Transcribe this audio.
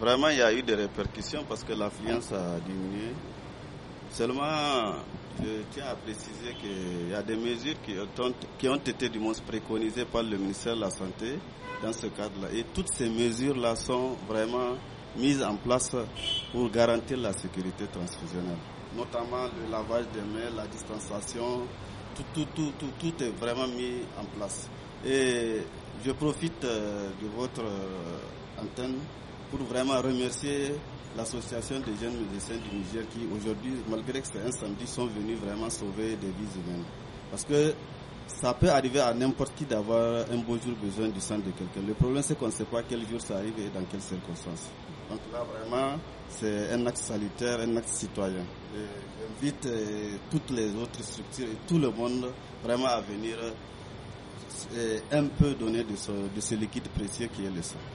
Vraiment, il y a eu des répercussions parce que l'affluence a diminué. Seulement, je tiens à préciser qu'il y a des mesures qui ont, été du moins préconisées par le ministère de la Santé dans ce cadre-là. Et toutes ces mesures-là sont vraiment mises en place pour garantir la sécurité transfusionnelle. Notamment le lavage des mains, la distanciation, tout, tout, tout, tout est vraiment mis en place. Et je profite euh, de votre euh, antenne pour vraiment remercier l'association des jeunes médecins du Niger qui aujourd'hui, malgré que c'est un samedi, sont venus vraiment sauver des vies humaines. Parce que ça peut arriver à n'importe qui d'avoir un beau jour besoin du sang de quelqu'un. Le problème, c'est qu'on ne sait pas quel jour ça arrive et dans quelles circonstances. Donc là, vraiment, c'est un acte salutaire, un acte citoyen. J'invite eh, toutes les autres structures et tout le monde vraiment à venir eh, un peu donner de ce, de ce liquide précieux qui est le sang.